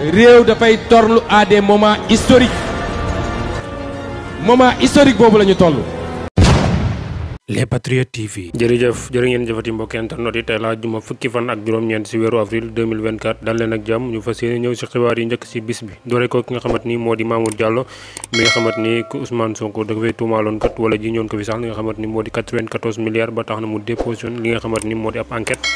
réew dafay torlu à des moments historiques boobu la ñu toll. Les TV. jërëjëf jëfati mbokk internet yi tey laa juma fukki fan ak juróom-ñeent ci weeru avril 2024 ak jàmm ñu fas yéene ñëw ci xibaar yi njëkk ci bis bi doore ki nga xamante ni moo di Mamour Diallo mi nga xamante ni Ousmane Sonko da ko fay tuumaaloon kat wala ji ñoon ko fi sax li nga xamante ni moo di 94 ba tax na mu déposition li nga xamante ni moo di ab enquête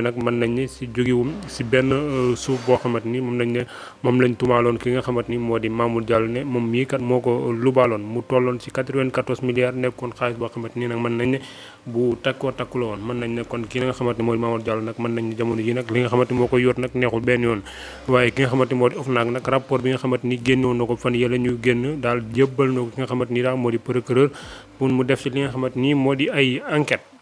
yooyu nag mën nañ ne si jógewum si benn euh, suuf boo xamante ni moom lañ ne moom lañ tumaaloon ki nga xamante ni moo di Mamour Diallo ne moom mii kat moo ko lubaaloon mu tolloon si 94 milliards nekkoon xaalis boo xamante ni nag mën nañ ne bu takkoo takku la woon mën nañ ne kon ki nga xamante ni nañ ne jamono ji nag li nga xamante ni moo ko yor nag neexul benn yoon waaye ki nga xamante ni moo di OFNAC nag rapport bi nga xamante ni génnoon na ko fan yële ñu génn daal jébbal na ko ki nga xamante ni daal moo di procureur pour mu def ci li nga xamante ni moo di ay enquête